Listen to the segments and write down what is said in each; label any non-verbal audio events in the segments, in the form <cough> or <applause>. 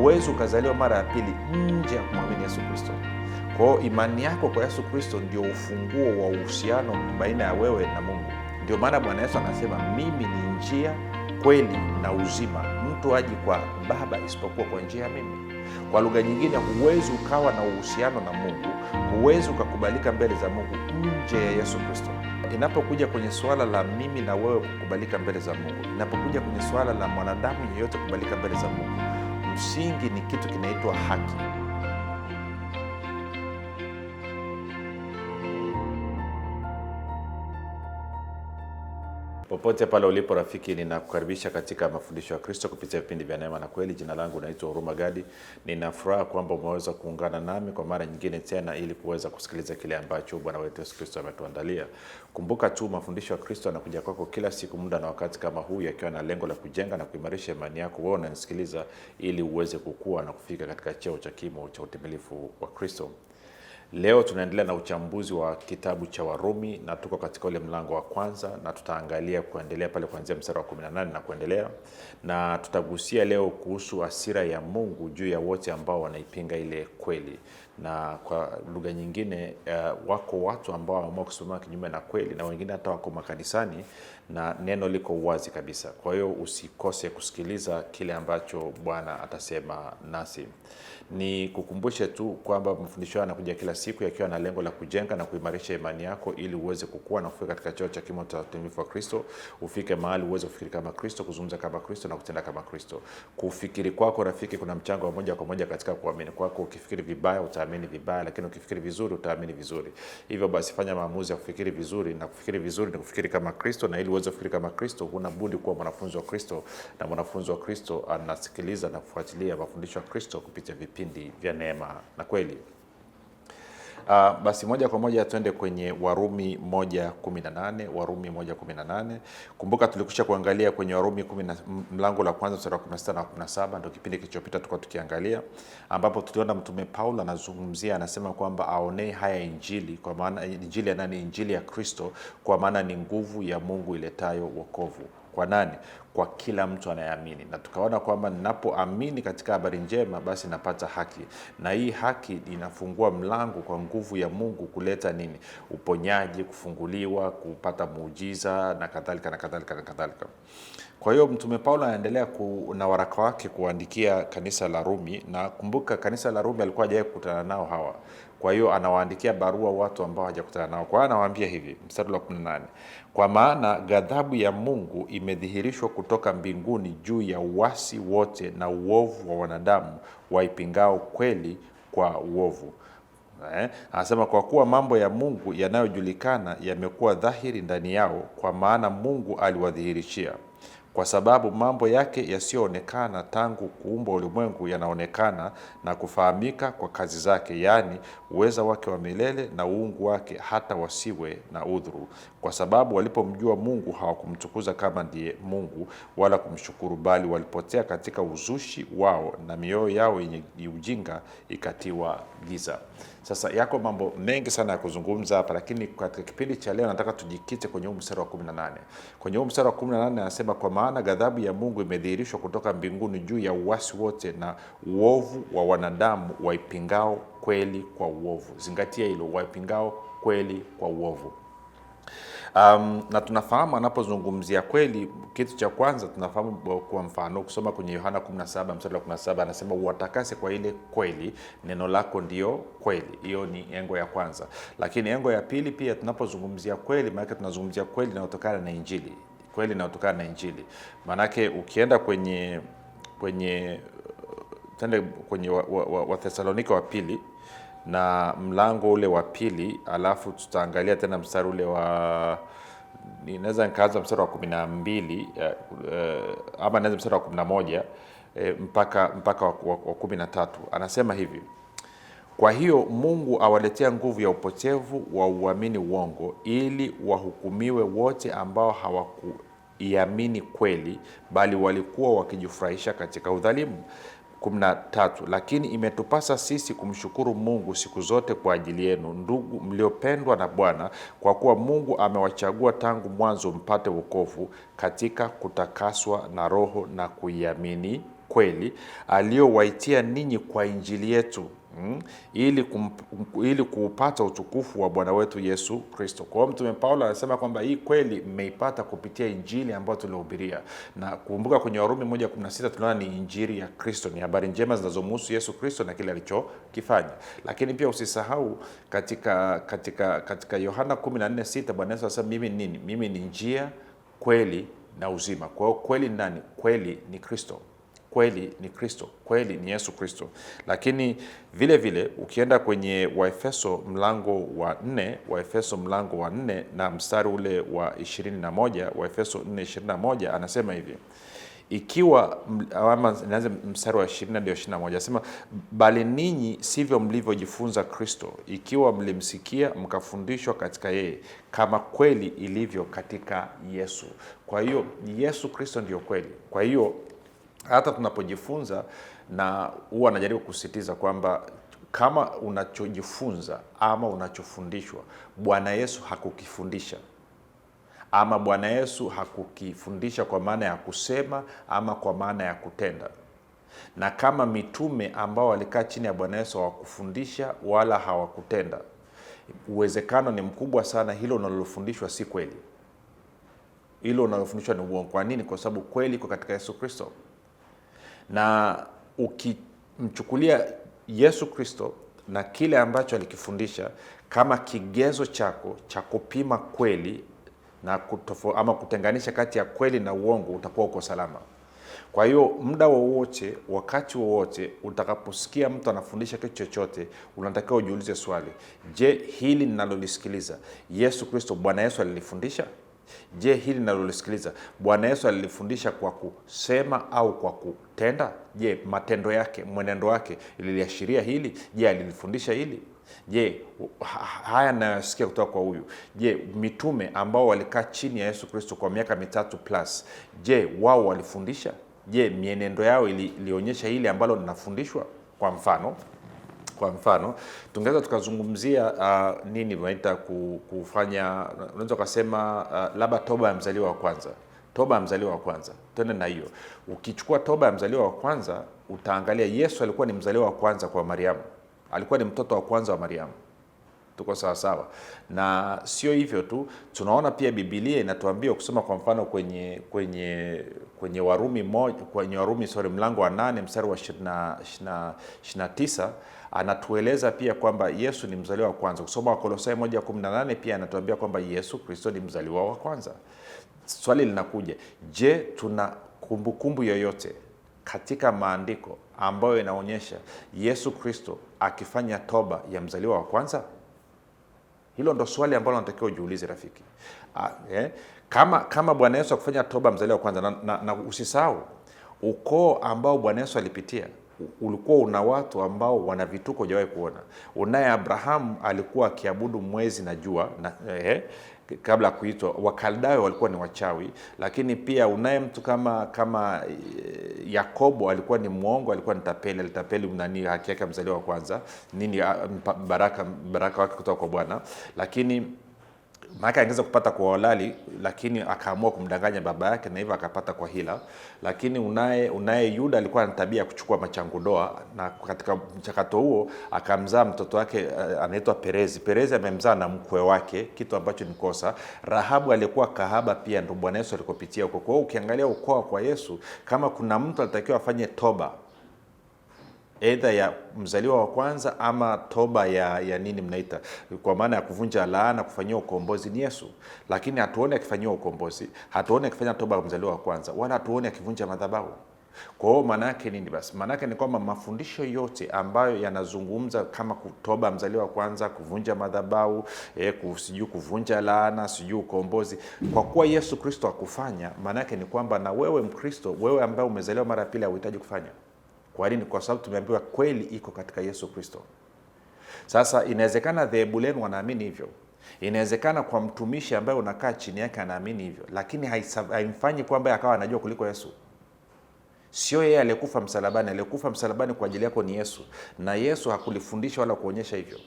huwezi ukazaliwa mara ya pili nje ya kumwamini Yesu Kristo. Kwa hiyo imani yako kwa Yesu Kristo ndio ufunguo wa uhusiano baina ya wewe na Mungu. Ndio maana Bwana Yesu anasema mimi ni njia, kweli na uzima, mtu haji kwa Baba isipokuwa kwa njia ya mimi. Kwa lugha nyingine, huwezi ukawa na uhusiano na Mungu, huwezi ukakubalika mbele za Mungu nje ya Yesu Kristo. Inapokuja kwenye suala la mimi na wewe kukubalika mbele za Mungu, inapokuja kwenye suala la mwanadamu yeyote kukubalika mbele za Mungu msingi ni kitu kinaitwa haki. Popote pale ulipo rafiki, ninakukaribisha katika mafundisho ya Kristo kupitia vipindi vya neema na kweli. Jina langu naitwa Huruma Gadi. ninafuraha kwamba umeweza kuungana nami kwa mara nyingine tena ili kuweza kusikiliza kile ambacho Bwana wetu Yesu Kristo ametuandalia. Kumbuka tu mafundisho ya Kristo yanakuja kwako kila siku, muda na wakati kama huu, yakiwa na lengo la kujenga na kuimarisha imani yako wewe unanisikiliza, ili uweze kukua na kufika katika cheo cha kimo cha utimilifu wa Kristo. Leo tunaendelea na uchambuzi wa kitabu cha Warumi na tuko katika ule mlango wa kwanza na tutaangalia kuendelea pale kuanzia mstari wa 18 na kuendelea, na tutagusia leo kuhusu hasira ya Mungu juu ya wote ambao wanaipinga ile kweli, na kwa lugha nyingine uh, wako watu ambao wameamua kusimama kinyume na kweli, na wengine hata wako makanisani na neno liko wazi kabisa. Kwa hiyo usikose kusikiliza kile ambacho Bwana atasema nasi. Ni kukumbushe tu kwamba mafundisho haya yanakuja kila siku yakiwa na lengo la kujenga na kuimarisha imani yako ili uweze kukua na kufika katika cheo cha kimo cha utimilifu wa Kristo, ufike mahali uweze kufikiri kama Kristo, kuzungumza kama Kristo na kutenda kama Kristo. Kufikiri kwako, rafiki, kuna mchango wa moja kwa moja katika kuamini kwako. Ukifikiri vibaya utaamini vibaya, lakini ukifikiri vizuri utaamini vizuri. Hivyo basi, fanya maamuzi ya kufikiri vizuri, na kufikiri vizuri ni kufikiri kama Kristo, na ili uweze kufikiri kama Kristo huna budi kuwa mwanafunzi wa Kristo, na mwanafunzi wa Kristo anasikiliza na kufuatilia mafundisho ya Kristo kupitia vipi vipindi vya neema na kweli. Uh, basi moja kwa moja tuende kwenye Warumi 1:18, Warumi 1:18. Kumbuka tulikwisha kuangalia kwenye Warumi 10 mlango la kwanza sura ya 16 na 17, ndio kipindi kilichopita tulikuwa tukiangalia, ambapo tuliona mtume Paulo anazungumzia, anasema kwamba aonee haya injili, kwa maana injili ya nani? Injili ya Kristo, kwa maana ni nguvu ya Mungu iletayo wokovu kwa nani? Kwa kila mtu anayeamini. Na tukaona kwamba ninapoamini katika habari njema, basi napata haki, na hii haki inafungua mlango kwa nguvu ya Mungu kuleta nini? Uponyaji, kufunguliwa, kupata muujiza na kadhalika na kadhalika na kadhalika. Kwa hiyo Mtume Paulo anaendelea na waraka wake kuandikia kanisa la Rumi, na kumbuka kanisa la Rumi alikuwa hajawahi kukutana nao hawa kwa hiyo anawaandikia barua watu ambao hajakutana nao. Kwa hiyo anawaambia hivi, mstari wa 18, kwa maana ghadhabu ya Mungu imedhihirishwa kutoka mbinguni juu ya uasi wote na uovu wa wanadamu waipingao kweli kwa uovu. Eh, anasema kwa kuwa mambo ya Mungu yanayojulikana yamekuwa dhahiri ndani yao, kwa maana Mungu aliwadhihirishia kwa sababu mambo yake yasiyoonekana tangu kuumbwa ulimwengu yanaonekana na kufahamika kwa kazi zake, yaani uweza wake wa milele na uungu wake, hata wasiwe na udhuru, kwa sababu walipomjua Mungu hawakumtukuza kama ndiye Mungu wala kumshukuru, bali walipotea katika uzushi wao na mioyo yao yenye ujinga ikatiwa giza. Sasa yako mambo mengi sana ya kuzungumza hapa, lakini katika kipindi cha leo nataka tujikite kwenye huu mstari wa 18. Kwenye huu mstari wa 18 anasema, kwa maana ghadhabu ya Mungu imedhihirishwa kutoka mbinguni juu ya uasi wote na uovu wa wanadamu waipingao kweli kwa uovu. Zingatia hilo, waipingao kweli kwa uovu. Um, na tunafahamu anapozungumzia kweli, kitu cha kwanza tunafahamu kwa mfano kusoma kwenye Yohana 17 mstari wa 17 anasema uwatakase kwa ile kweli, neno lako ndio kweli. Hiyo ni engo ya kwanza, lakini engo ya pili pia tunapozungumzia kweli, maanake tunazungumzia kweli inayotokana na Injili, kweli inayotokana na Injili. Maanake ukienda kwenye kwenye uh, tende kwenye Wathesalonika wa, wa, wa, wa pili na mlango ule wa pili, alafu tutaangalia tena mstari ule wa inaweza nikaanza mstari wa kumi na mbili eh, eh, ama naweza mstari wa kumi na moja eh, mpaka, mpaka wa, wa kumi na tatu anasema hivi: kwa hiyo Mungu awaletea nguvu ya upotevu wa uamini uongo, ili wahukumiwe wote ambao hawakuiamini kweli, bali walikuwa wakijifurahisha katika udhalimu tatu lakini imetupasa sisi kumshukuru Mungu siku zote kwa ajili yenu ndugu mliopendwa na Bwana, kwa kuwa Mungu amewachagua tangu mwanzo mpate wokovu katika kutakaswa na Roho na kuiamini kweli aliyowaitia ninyi kwa Injili yetu Mm, ili, kum, ili kuupata utukufu wa Bwana wetu Yesu Kristo. Kwa hiyo Mtume Paulo anasema kwamba hii kweli mmeipata kupitia Injili ambayo tulihubiria, na kumbuka kwenye Warumi 1:16 tunaona ni Injili ya Kristo, ni habari njema zinazomhusu Yesu Kristo na kile alichokifanya. Lakini pia usisahau katika katika katika Yohana 14:6 Bwana Yesu anasema mimi nini? Mimi ni njia, kweli na uzima. Kwa hiyo kweli nani? Kweli ni Kristo kweli ni Kristo, kweli ni Yesu Kristo. Lakini vile vile ukienda kwenye Waefeso mlango wa nne, Waefeso mlango wa nne na mstari ule wa 21, Waefeso 4:21 anasema hivi ikiwa ama nianze mstari wa 20 hadi 21, anasema bali ninyi sivyo mlivyojifunza Kristo, ikiwa mlimsikia mkafundishwa katika yeye, kama kweli ilivyo katika Yesu. Kwa hiyo Yesu Kristo ndiyo kweli. Kwa hiyo hata tunapojifunza, na huwa anajaribu kusisitiza kwamba kama unachojifunza ama unachofundishwa Bwana Yesu hakukifundisha ama Bwana Yesu hakukifundisha kwa maana ya kusema ama kwa maana ya kutenda. Na kama mitume ambao walikaa chini ya Bwana Yesu hawakufundisha wala hawakutenda, uwezekano ni mkubwa sana hilo unalofundishwa si kweli, hilo unalofundishwa ni uongo. Kwa nini? Kwa sababu kweli iko katika Yesu Kristo na ukimchukulia Yesu Kristo na kile ambacho alikifundisha kama kigezo chako cha kupima kweli na kutofo, ama kutenganisha kati ya kweli na uongo, utakuwa uko salama. Kwa hiyo muda wowote, wakati wowote utakaposikia mtu anafundisha kitu chochote, unatakiwa ujiulize swali, je, hili ninalolisikiliza Yesu Kristo, Bwana Yesu alilifundisha? Je, hili nalolisikiliza, Bwana Yesu alilifundisha kwa kusema au kwa kutenda? Je, matendo yake, mwenendo wake liliashiria hili? Je, alilifundisha hili? Je, haya nayosikia kutoka kwa huyu, je, mitume ambao walikaa chini ya Yesu Kristo kwa miaka mitatu plus, je, wao walifundisha? Je, mienendo yao ilionyesha hili ambalo linafundishwa? Kwa mfano kwa mfano tungeweza tukazungumzia uh, nini tunaita kufanya, unaweza ukasema uh, labda toba ya mzaliwa wa kwanza toba ya mzaliwa wa kwanza, tuende na hiyo. Ukichukua toba ya mzaliwa wa kwanza, utaangalia Yesu alikuwa ni mzaliwa wa kwanza kwa Mariamu, alikuwa ni mtoto wa kwanza wa Mariamu. Tuko sawasawa? Na sio hivyo tu, tunaona pia Bibilia inatuambia kusoma, kwa mfano kwenye kwenye kwenye Warumi moja, kwenye Warumi sorry, mlango wa nane mstari wa ishirini na tisa anatueleza pia kwamba Yesu ni mzaliwa wa kwanza. Kusoma Wakolosai 1:18 pia anatuambia kwamba Yesu Kristo ni mzaliwa wa kwanza. Swali linakuja, je, tuna kumbukumbu yoyote katika maandiko ambayo inaonyesha Yesu Kristo akifanya toba ya mzaliwa wa kwanza? Hilo ndo swali ambalo natakiwa ujiulize rafiki. Ah, eh, kama kama Bwana Yesu akufanya toba mzaliwa wa kwanza na, na, na usisahau ukoo ambao Bwana Yesu alipitia ulikuwa una watu ambao wana vituko hujawahi kuona. Unaye Abrahamu alikuwa akiabudu mwezi na jua na, eh, kabla ya kuitwa Wakaldayo walikuwa ni wachawi, lakini pia unaye mtu kama kama eh, Yakobo alikuwa ni mwongo, alikuwa ni tapeli, alitapeli nani haki yake ya mzaliwa wa kwanza nini ah, baraka, baraka wake kutoka kwa Bwana lakini maanake angeweza kupata kwa halali, lakini akaamua kumdanganya baba yake na hivyo akapata kwa hila. Lakini unaye unaye Yuda alikuwa na tabia ya kuchukua machangudoa, na katika mchakato huo akamzaa mtoto wake eh, anaitwa Perezi. Perezi amemzaa na mkwe wake, kitu ambacho ni kosa. Rahabu alikuwa kahaba pia, ndo Bwana Yesu alikopitia huko. Kwa hiyo ukiangalia ukoo kwa Yesu, kama kuna mtu alitakiwa afanye toba edha ya mzaliwa wa kwanza ama toba ya, ya nini mnaita kwa maana ya kuvunja laana, kufanyia ukombozi ni Yesu, lakini hatuone akifanyiwa ukombozi, hatuone akifanya toba ya mzaliwa wa kwanza, wala hatuone akivunja madhabahu. Kwa hiyo maana yake nini? Basi maana yake ni kwamba mafundisho yote ambayo yanazungumza kama kutoba mzaliwa wa kwanza, kuvunja madhabahu eh, sijui kuvunja laana, sijui ukombozi, kwa kuwa Yesu Kristo akufanya, maana yake ni kwamba na wewe Mkristo, wewe ambaye umezaliwa mara ya pili, hauhitaji kufanya kwa nini? Kwa sababu tumeambiwa kweli iko katika Yesu Kristo. Sasa inawezekana dhehebu lenu wanaamini hivyo, inawezekana kwa mtumishi ambaye unakaa chini yake anaamini hivyo, lakini haimfanyi kwamba akawa anajua kuliko Yesu. Sio yeye aliyekufa msalabani. Aliyekufa msalabani kwa ajili yako ni Yesu, na Yesu hakulifundisha wala kuonyesha hivyo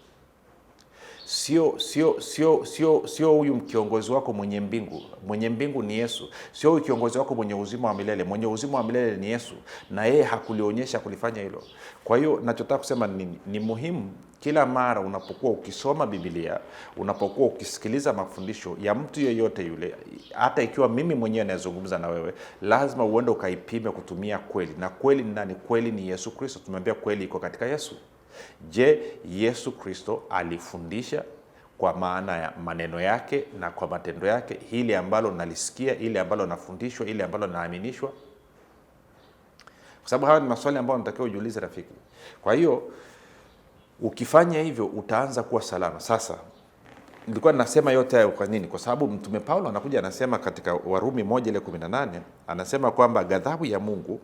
sio sio sio sio sio huyu kiongozi wako mwenye mbingu. Mwenye mbingu ni Yesu, sio huyu kiongozi wako mwenye uzima wa milele. Mwenye uzima wa milele ni Yesu, na yeye hakulionyesha kulifanya hilo. Kwa hiyo nachotaka kusema ni Ni muhimu kila mara unapokuwa ukisoma Biblia, unapokuwa ukisikiliza mafundisho ya mtu yeyote yule, hata ikiwa mimi mwenyewe anayezungumza na wewe, lazima uende ukaipime kutumia kweli. Na kweli ni nani? Kweli ni Yesu Kristo. Tumeambia kweli iko katika Yesu. Je, Yesu Kristo alifundisha kwa maana ya maneno yake na kwa matendo yake hili ambalo nalisikia, ili ambalo nafundishwa, ili ambalo naaminishwa? Kwa sababu haya ni maswali ambayo natakiwa ujiulize, rafiki. Kwa hiyo ukifanya hivyo utaanza kuwa salama. Sasa nilikuwa nasema yote hayo kwa nini? Kwa sababu Mtume Paulo anakuja anasema katika Warumi 1:18 18 anasema kwamba ghadhabu ya Mungu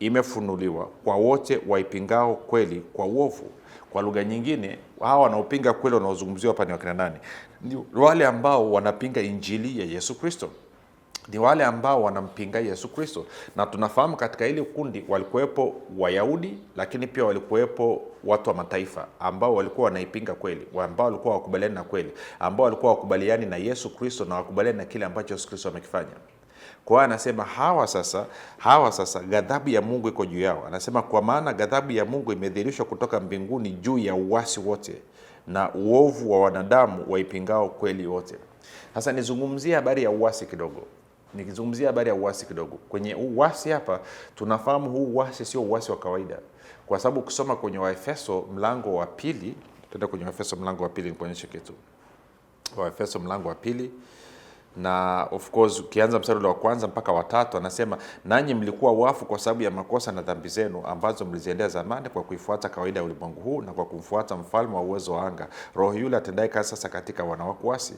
imefunuliwa kwa wote waipingao kweli kwa uovu. Kwa lugha nyingine, hawa wanaopinga kweli wanaozungumziwa hapa ni wakina nani? Ni wale ambao wanapinga injili ya Yesu Kristo, ni wale ambao wanampinga Yesu Kristo. Na tunafahamu katika hili kundi walikuwepo Wayahudi, lakini pia walikuwepo watu wa mataifa ambao walikuwa wanaipinga kweli, ambao walikuwa wakubaliani na kweli, ambao walikuwa wakubaliani na Yesu Kristo na wakubaliani na kile ambacho Yesu Kristo amekifanya. Kwa hiyo anasema hawa sasa, hawa sasa ghadhabu ya Mungu iko juu yao. Anasema kwa maana ghadhabu ya Mungu imedhihirishwa kutoka mbinguni juu ya uasi wote na uovu wa wanadamu waipingao kweli wote. Sasa nizungumzie habari ya uasi kidogo nikizungumzia habari ya uasi kidogo. Kwenye uasi hapa tunafahamu huu uasi sio uasi wa kawaida, kwa sababu ukisoma kwenye Waefeso mlango wa pili, tenda kwenye Waefeso mlango wa pili nikuonyeshe kitu. Waefeso mlango wa pili na of course ukianza mstari wa kwanza mpaka watatu anasema nanyi mlikuwa wafu kwa sababu ya makosa na dhambi zenu ambazo mliziendea zamani kwa kuifuata kawaida ya ulimwengu huu na kwa kumfuata mfalme wa uwezo wa anga, roho yule atendaye kazi sasa katika wanawakuasi.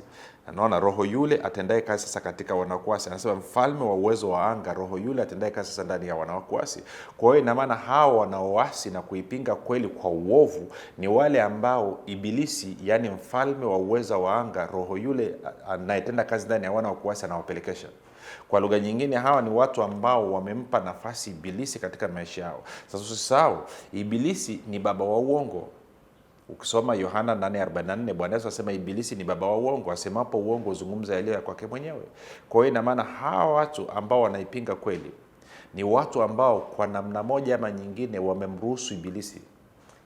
naona roho yule atendaye kazi sasa katika wanawakuasi, anasema mfalme wa uwezo wa anga, roho yule atendaye kazi sasa ndani ya wanawakuasi. Kwa hiyo ina maana hawa wanaoasi na kuipinga kweli kwa uovu ni wale ambao Ibilisi, yani mfalme wa uwezo wa anga, roho yule anayetenda kazi ndani hawana wakuasi, anawapelekesha. Kwa lugha nyingine, hawa ni watu ambao wamempa nafasi Ibilisi katika maisha yao. Sasa usisahau, Ibilisi ni baba wa uongo. Ukisoma Yohana 8:44 Bwana Yesu asema Ibilisi ni baba wa uongo, asemapo uongo uzungumza yaliyo ya kwake mwenyewe. Kwa hiyo ina maana hawa watu ambao wanaipinga kweli ni watu ambao kwa namna moja ama nyingine wamemruhusu Ibilisi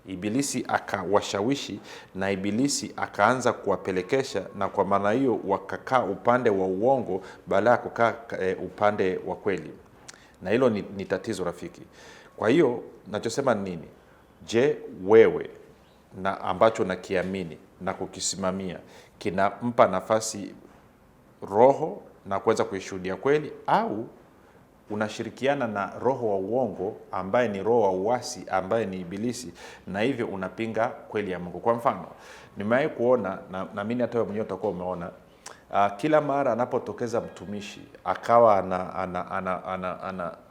Ibilisi akawashawishi na Ibilisi akaanza kuwapelekesha, na kwa maana hiyo wakakaa upande wa uongo badala ya kukaa e, upande wa kweli, na hilo ni, ni tatizo rafiki. Kwa hiyo nachosema ni nini? Je, wewe na ambacho nakiamini na kukisimamia kinampa nafasi Roho na kuweza kuishuhudia kweli au unashirikiana na roho wa uongo ambaye ni roho wa uasi ambaye ni Ibilisi, na hivyo unapinga kweli ya Mungu. Kwa mfano, nimewahi kuona na naamini hata wewe mwenyewe utakuwa umeona Uh, kila mara anapotokeza mtumishi akawa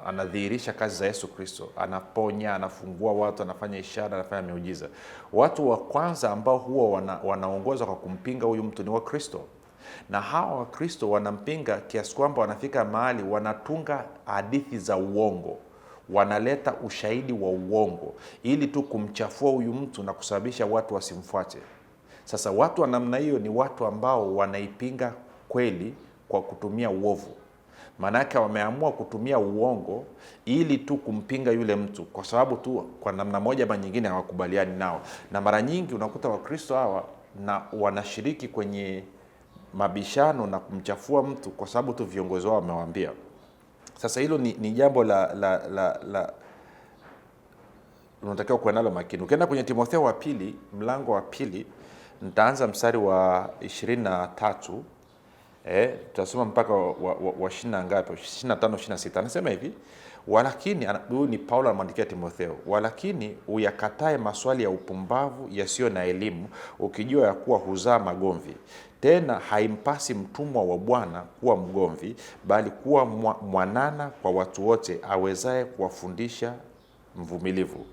anadhihirisha kazi za Yesu Kristo, anaponya, anafungua watu, anafanya ishara, anafanya miujiza, watu wa kwanza ambao huwa wana, wanaongozwa kwa kumpinga huyu mtu ni wa kristo na hawa Wakristo wanampinga kiasi kwamba wanafika mahali wanatunga hadithi za uongo, wanaleta ushahidi wa uongo ili tu kumchafua huyu mtu na kusababisha watu wasimfuate. Sasa watu wa namna hiyo ni watu ambao wanaipinga kweli kwa kutumia uovu. Maanake wameamua kutumia uongo ili tu kumpinga yule mtu, kwa sababu tu kwa namna moja ama nyingine hawakubaliani nao, na mara nyingi unakuta Wakristo hawa na wanashiriki kwenye mabishano na kumchafua mtu kwa sababu tu viongozi wao wamewaambia. Sasa hilo ni, ni jambo la, la, la, la unatakiwa kuwa nalo makini. Ukienda kwenye Timotheo wa pili mlango wa pili nitaanza mstari wa ishirini na tatu eh, tutasoma mpaka wa, wa, wa ishirini na ngapi, ishirini na tano, ishirini na sita anasema hivi Walakini, huyu ni Paulo anamwandikia Timotheo, walakini uyakatae maswali ya upumbavu yasiyo na elimu, ukijua ya kuwa huzaa magomvi. Tena haimpasi mtumwa wa Bwana kuwa mgomvi, bali kuwa mwanana kwa watu wote, awezaye kuwafundisha mvumilivu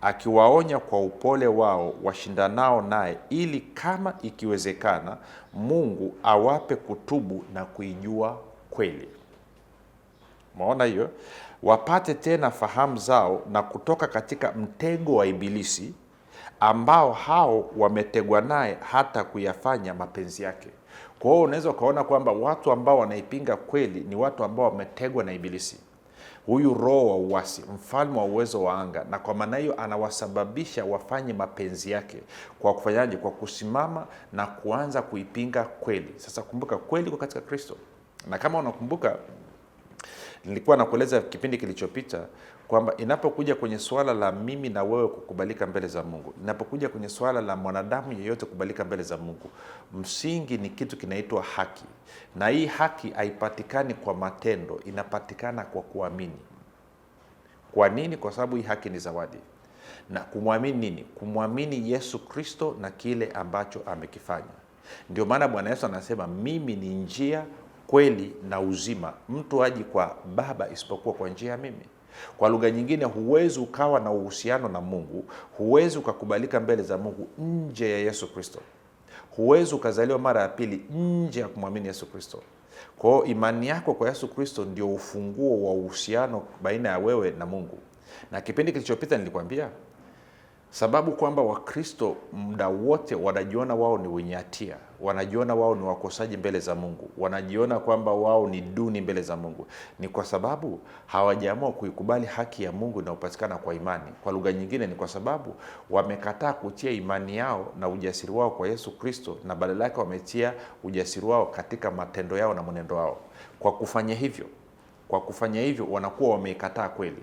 akiwaonya kwa upole wao washindanao naye, ili kama ikiwezekana Mungu awape kutubu na kuijua kweli. Maona hiyo wapate tena fahamu zao na kutoka katika mtego wa Ibilisi ambao hao wametegwa naye hata kuyafanya mapenzi yake. Kwa hiyo unaweza ukaona kwamba watu ambao wanaipinga kweli ni watu ambao wametegwa na Ibilisi, huyu roho wa uasi, mfalme wa uwezo wa anga, na kwa maana hiyo anawasababisha wafanye mapenzi yake. Kwa kufanyaje? Kwa kusimama na kuanza kuipinga kweli. Sasa kumbuka, kweli kwa katika Kristo, na kama unakumbuka Nilikuwa nakueleza kipindi kilichopita kwamba inapokuja kwenye suala la mimi na wewe kukubalika mbele za Mungu, inapokuja kwenye suala la mwanadamu yeyote kukubalika mbele za Mungu, msingi ni kitu kinaitwa haki, na hii haki haipatikani kwa matendo, inapatikana kwa kuamini. Kwa nini? Kwa sababu hii haki ni zawadi na kumwamini nini? Kumwamini Yesu Kristo na kile ambacho amekifanya. Ndio maana Bwana Yesu anasema mimi ni njia kweli na uzima, mtu haji kwa Baba isipokuwa kwa njia ya mimi. Kwa lugha nyingine, huwezi ukawa na uhusiano na Mungu, huwezi ukakubalika mbele za Mungu nje ya Yesu Kristo, huwezi ukazaliwa mara ya pili nje ya kumwamini Yesu Kristo. Kwa hiyo imani yako kwa Yesu Kristo ndio ufunguo wa uhusiano baina ya wewe na Mungu. Na kipindi kilichopita nilikwambia sababu kwamba Wakristo muda wote wanajiona wao ni wenye hatia, wanajiona wao ni wakosaji mbele za Mungu, wanajiona kwamba wao ni duni mbele za Mungu, ni kwa sababu hawajaamua kuikubali haki ya Mungu inayopatikana kwa imani. Kwa lugha nyingine, ni kwa sababu wamekataa kutia imani yao na ujasiri wao kwa Yesu Kristo, na badala yake wametia ujasiri wao katika matendo yao na mwenendo wao. Kwa kufanya hivyo, kwa kufanya hivyo wanakuwa wameikataa kweli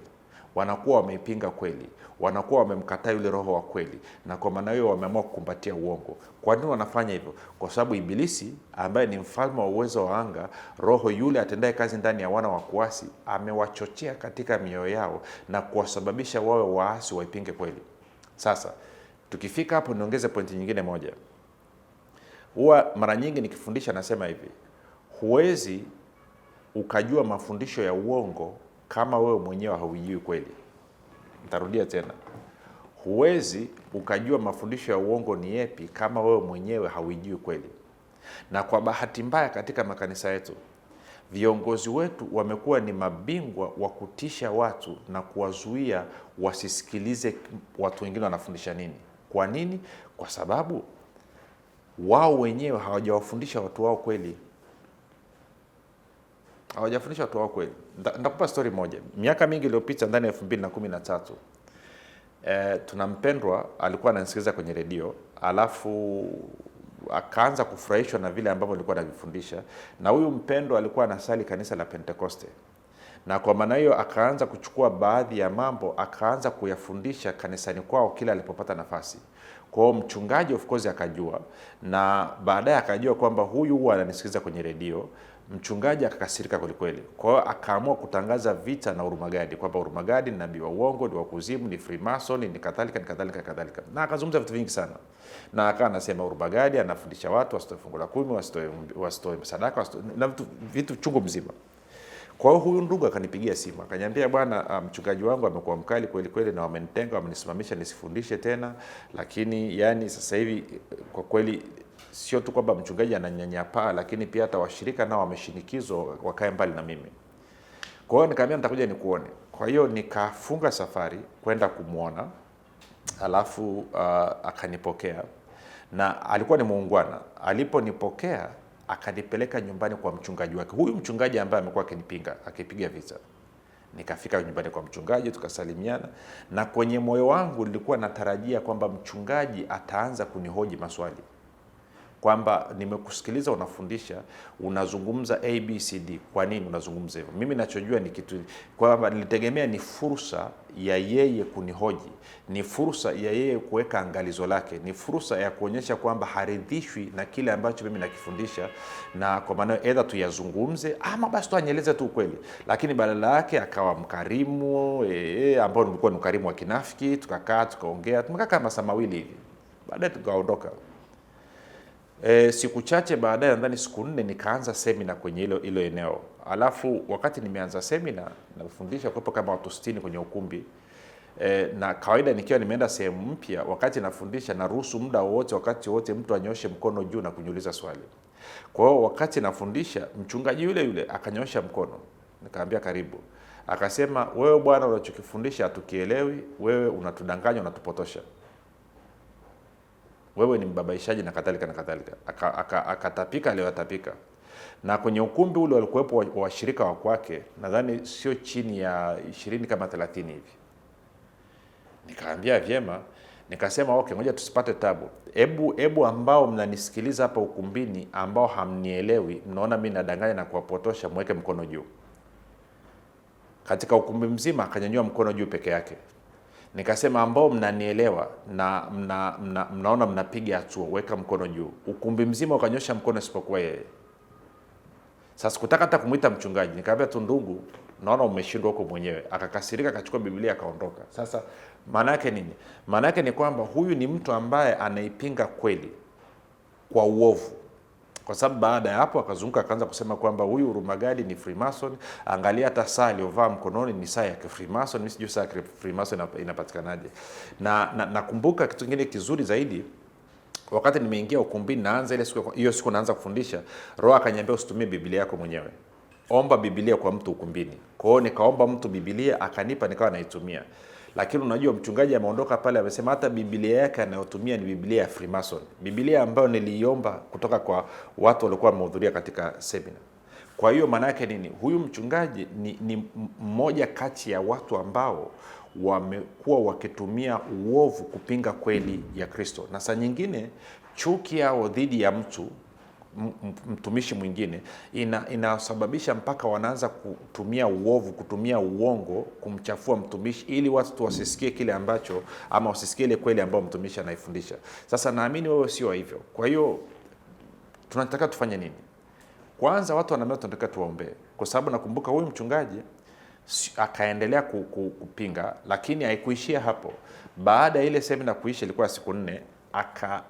wanakuwa wameipinga kweli, wanakuwa wamemkataa yule roho wa kweli, na kwa maana hiyo wameamua kukumbatia uongo. Kwa nini wanafanya hivyo? Kwa sababu Ibilisi ambaye ni mfalme wa uwezo wa anga, roho yule atendaye kazi ndani ya wana wa kuasi, amewachochea katika mioyo yao na kuwasababisha wawe waasi, waipinge kweli. Sasa tukifika hapo, niongeze pointi nyingine moja. Huwa mara nyingi nikifundisha nasema hivi, huwezi ukajua mafundisho ya uongo kama wewe mwenyewe haujui kweli. Ntarudia tena, huwezi ukajua mafundisho ya uongo ni yepi kama wewe mwenyewe haujui kweli. Na kwa bahati mbaya, katika makanisa yetu viongozi wetu wamekuwa ni mabingwa wa kutisha watu na kuwazuia wasisikilize watu wengine wanafundisha nini. Kwa nini? Kwa sababu wao wenyewe hawajawafundisha watu wao kweli, hawajafundisha watu wao kweli ndakupa story moja. Miaka mingi iliyopita ndani ya 2013 eh, tunampendwa tuna mpendwa alikuwa ananisikiza kwenye redio alafu akaanza kufurahishwa na vile ambavyo nilikuwa navifundisha, na huyu mpendwa alikuwa anasali kanisa la Pentekoste, na kwa maana hiyo akaanza kuchukua baadhi ya mambo akaanza kuyafundisha kanisani kwao kila alipopata nafasi. Kwa hiyo mchungaji of course akajua, na baadaye akajua kwamba huyu huwa ananisikiliza kwenye redio Mchungaji akakasirika kwelikweli, kwa hiyo akaamua kutangaza vita na Urumagadi kwamba Urumagadi ni nabii wa uongo, ni wakuzimu, ni Freemason, ni kadhalika ni kadhalika kadhalika, na akazungumza vitu vingi sana, na akawa anasema Urumagadi anafundisha watu wasitoe fungu la kumi, wasitoe wasitoe sadaka, wasitoe na vitu, vitu chungu mzima. Kwa hiyo huyu ndugu akanipigia simu akaniambia, bwana ah, mchungaji wangu amekuwa mkali kweli kweli, na wamenitenga wamenisimamisha nisifundishe tena, lakini yani sasa hivi kwa kweli sio tu kwamba mchungaji ananyanyapaa, lakini pia hata washirika nao wameshinikizwa wakae mbali na mimi. Kwa hiyo nikaambia nitakuja nikuone. Kwa hiyo nikafunga safari kwenda kumwona, alafu uh, akanipokea na alikuwa ni muungwana. Aliponipokea akanipeleka nyumbani kwa mchungaji wake, huyu mchungaji ambaye amekuwa akinipinga akipiga vita. Nikafika nyumbani kwa mchungaji tukasalimiana, na kwenye moyo wangu nilikuwa natarajia kwamba mchungaji ataanza kunihoji maswali kwamba nimekusikiliza unafundisha, unazungumza ABCD. Kwa nini unazungumza hivyo? Mimi nachojua ni kitu kwamba nilitegemea ni fursa ya yeye kunihoji, ni fursa ya yeye kuweka angalizo lake, ni fursa ya kuonyesha kwamba haridhishwi na kile ambacho mimi nakifundisha, na kwa maana edha tuyazungumze ama basi tuanyeleze tu ukweli. Lakini badala yake akawa mkarimu e, ambao nilikuwa ni ukarimu wa kinafiki. Tukakaa tukaongea, tumekaa kama saa mawili hivi, baadaye tukaondoka. E, siku chache baadaye nadhani siku nne nikaanza semina kwenye hilo ilo eneo. Alafu wakati nimeanza semina nafundisha kuwepo kama watu sitini kwenye ukumbi e, na kawaida nikiwa nimeenda sehemu mpya, wakati nafundisha naruhusu muda wowote, wakati wote mtu anyoshe mkono juu na kuniuliza swali. Kwa hiyo wakati nafundisha mchungaji yule yule akanyosha mkono, nikaambia karibu. Akasema wewe bwana, unachokifundisha hatukielewi, wewe unatudanganya, unatupotosha wewe ni mbabaishaji na kadhalika na kadhalika, akatapika aliyotapika. Na kwenye ukumbi ule walikuwepo washirika wa kwake, nadhani sio chini ya ishirini kama thelathini hivi. Nikaambia vyema, nikasema okay, ngoja tusipate tabu, ebu ebu ambao mnanisikiliza hapa ukumbini, ambao hamnielewi, mnaona mi nadanganya na kuwapotosha, mweke mkono juu. Katika ukumbi mzima akanyanyua mkono juu peke yake. Nikasema ambao mnanielewa na mna, mna, mnaona mnapiga hatua, weka mkono juu. Ukumbi mzima ukanyosha mkono isipokuwa yeye. Sasa kutaka hata kumwita mchungaji, nikamwambia tu, ndugu, naona umeshindwa huko mwenyewe. Akakasirika, akachukua Biblia akaondoka. Sasa maana yake nini? Maana yake ni kwamba huyu ni mtu ambaye anaipinga kweli kwa uovu kwa sababu baada ya hapo akazunguka akaanza kusema kwamba huyu Urumagadi ni Freemason. Angalia hata saa aliyovaa mkononi ni saa ya Freemason. Mimi sijui saa ya Freemason inapatikanaje. Na nakumbuka na kitu kingine kizuri zaidi wakati nimeingia ukumbini, naanza ile siku hiyo, siku naanza kufundisha, Roho akaniambia usitumie Biblia yako mwenyewe, omba Biblia kwa mtu ukumbini. Kwa hiyo nikaomba mtu Biblia akanipa, nikawa naitumia. Lakini unajua mchungaji ameondoka pale, amesema hata Biblia yake anayotumia ni Biblia ya Freemason, Biblia ambayo niliiomba kutoka kwa watu waliokuwa wamehudhuria katika semina. Kwa hiyo maana yake nini? Huyu mchungaji ni, ni mmoja kati ya watu ambao wamekuwa wakitumia uovu kupinga kweli ya Kristo, na saa nyingine chuki yao dhidi ya mtu mtumishi mwingine ina, inasababisha mpaka wanaanza kutumia uovu, kutumia uongo kumchafua mtumishi, ili watu wasisikie kile ambacho ama wasisikie ile kweli ambayo mtumishi anaifundisha. Sasa naamini wewe sio hivyo. Kwa hiyo tunataka tufanye nini? Kwanza watu wanaambia, tunataka tuwaombee, kwa sababu nakumbuka huyu mchungaji akaendelea kupinga, lakini haikuishia hapo. Baada ya ile semina kuisha, ilikuwa siku nne,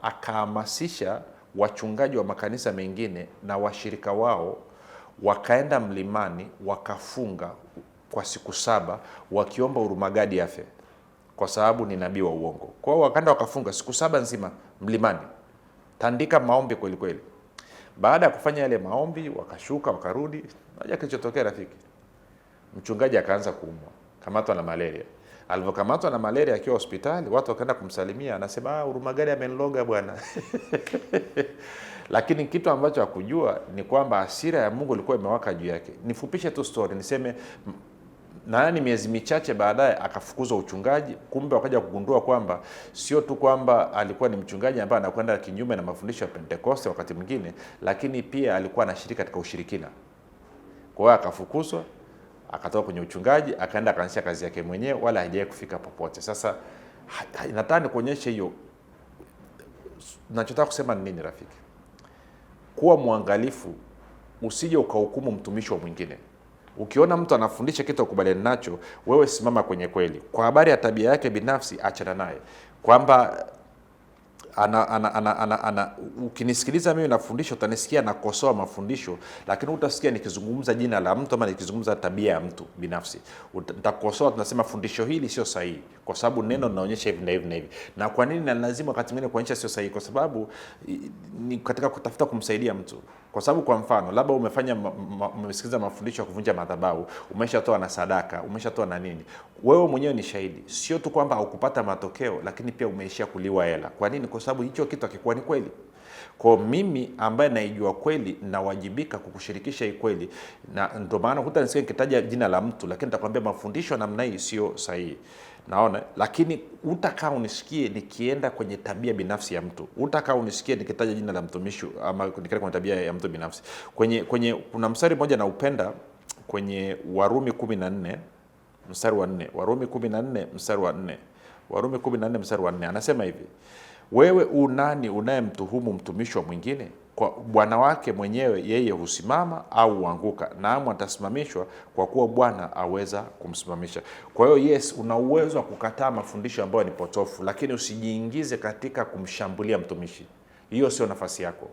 akahamasisha aka wachungaji wa makanisa mengine na washirika wao wakaenda mlimani wakafunga kwa siku saba wakiomba urumagadi afe kwa sababu ni nabii wa uongo. Kwa hiyo wakaenda wakafunga siku saba nzima mlimani, tandika maombi kweli kweli. Baada ya kufanya yale maombi wakashuka wakarudi. Unajua kilichotokea rafiki? Mchungaji akaanza kuumwa, kamatwa na malaria. Alivyokamatwa na malaria akiwa hospitali, watu wakaenda kumsalimia, anasema ah, Hurumagadi ameniloga bwana <laughs> lakini kitu ambacho hakujua ni kwamba hasira ya Mungu ilikuwa imewaka juu yake. Nifupishe tu story niseme naani miezi michache baadaye akafukuzwa uchungaji. Kumbe wakaja kugundua kwamba sio tu kwamba alikuwa ni mchungaji ambaye anakwenda kinyume na mafundisho ya Pentekoste wakati mwingine, lakini pia alikuwa anashiriki katika ushirikina. Kwa hiyo akafukuzwa akatoka kwenye uchungaji akaenda akaanzisha kazi yake mwenyewe, wala hajawahi kufika popote. Sasa nataka nikuonyeshe hiyo. Nachotaka kusema ni nini, rafiki? Kuwa mwangalifu, usije ukahukumu mtumishi wa mwingine. Ukiona mtu anafundisha kitu akubaliani nacho, wewe simama kwenye kweli. Kwa habari ya tabia yake binafsi, achana naye kwamba ana, ana, ana, ana, ana, ukinisikiliza mimi nafundisha utanisikia nakosoa mafundisho, lakini utasikia nikizungumza jina la mtu ama nikizungumza tabia ya mtu binafsi. Nitakosoa, tunasema fundisho hili sio sahihi kwa sababu neno linaonyesha hivi na hivi na hivi. Na kwa nini? Na lazima wakati mwingine kuonyesha sio sahihi, kwa sababu ni katika kutafuta kumsaidia mtu. Kwa sababu kwa mfano labda umefanya ma, ma, mafundisho ya kuvunja madhabahu, umeshatoa na sadaka, umeshatoa na nini, wewe mwenyewe ni shahidi, sio tu kwamba haukupata matokeo, lakini pia umeishia kuliwa hela. Kwa nini? Kwa sababu hicho kitu hakikuwa ni kweli. Kwa mimi ambaye naijua kweli, nawajibika kukushirikisha hii kweli, na ndio maana hutanisikia nikitaja jina la mtu, lakini nitakwambia mafundisho namna hii sio sahihi naona, lakini utakaa unisikie nikienda kwenye tabia binafsi ya mtu, utakaa unisikie nikitaja jina la mtumishi ama nikienda kwenye tabia ya mtu binafsi. Kwenye kwenye kuna mstari mmoja na upenda kwenye Warumi 14 mstari wa 4, Warumi 14 mstari wa 4, Warumi 14 mstari wa 4 anasema hivi wewe nani unayemtuhumu mtumishi wa mwingine? Kwa bwana wake mwenyewe yeye husimama au huanguka, naamu atasimamishwa, kwa kuwa Bwana aweza kumsimamisha. Kwa hiyo, yes, una uwezo wa kukataa mafundisho ambayo ni potofu, lakini usijiingize katika kumshambulia mtumishi. Hiyo sio nafasi yako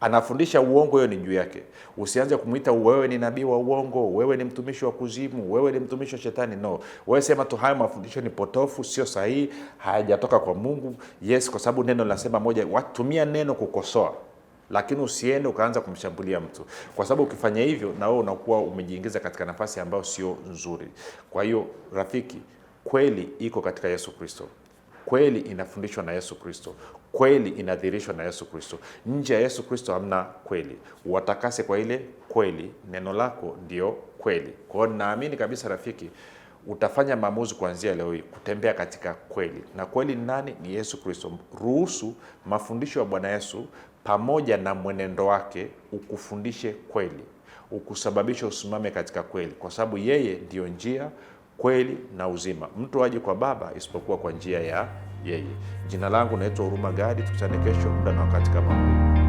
anafundisha uongo, hiyo ni juu yake. Usianze kumwita wewe ni nabii wa uongo, wewe ni mtumishi wa kuzimu, wewe ni mtumishi wa shetani. No, wewe sema tu hayo mafundisho ni potofu, sio sahihi, hayajatoka kwa Mungu. Yes, kwa sababu neno linasema moja, watumia neno kukosoa lakini usiende ukaanza kumshambulia mtu, kwa sababu ukifanya hivyo na wewe unakuwa umejiingiza katika nafasi ambayo sio nzuri. Kwa hiyo rafiki, kweli iko katika Yesu Kristo, kweli inafundishwa na Yesu Kristo, kweli inadhihirishwa na Yesu Kristo. Nje ya Yesu Kristo hamna kweli. Watakase kwa ile kweli, neno lako ndio kweli. Kwa hiyo naamini kabisa rafiki, utafanya maamuzi kuanzia leo hii kutembea katika kweli, na kweli nani? Ni Yesu Kristo. Ruhusu mafundisho ya Bwana Yesu pamoja na mwenendo wake ukufundishe kweli, ukusababisha usimame katika kweli, kwa sababu yeye ndiyo njia, kweli na uzima. Mtu aje kwa Baba isipokuwa kwa njia ya yeye. Jina langu naitwa Huruma Gadi, tukutane kesho muda na wakati kama huu.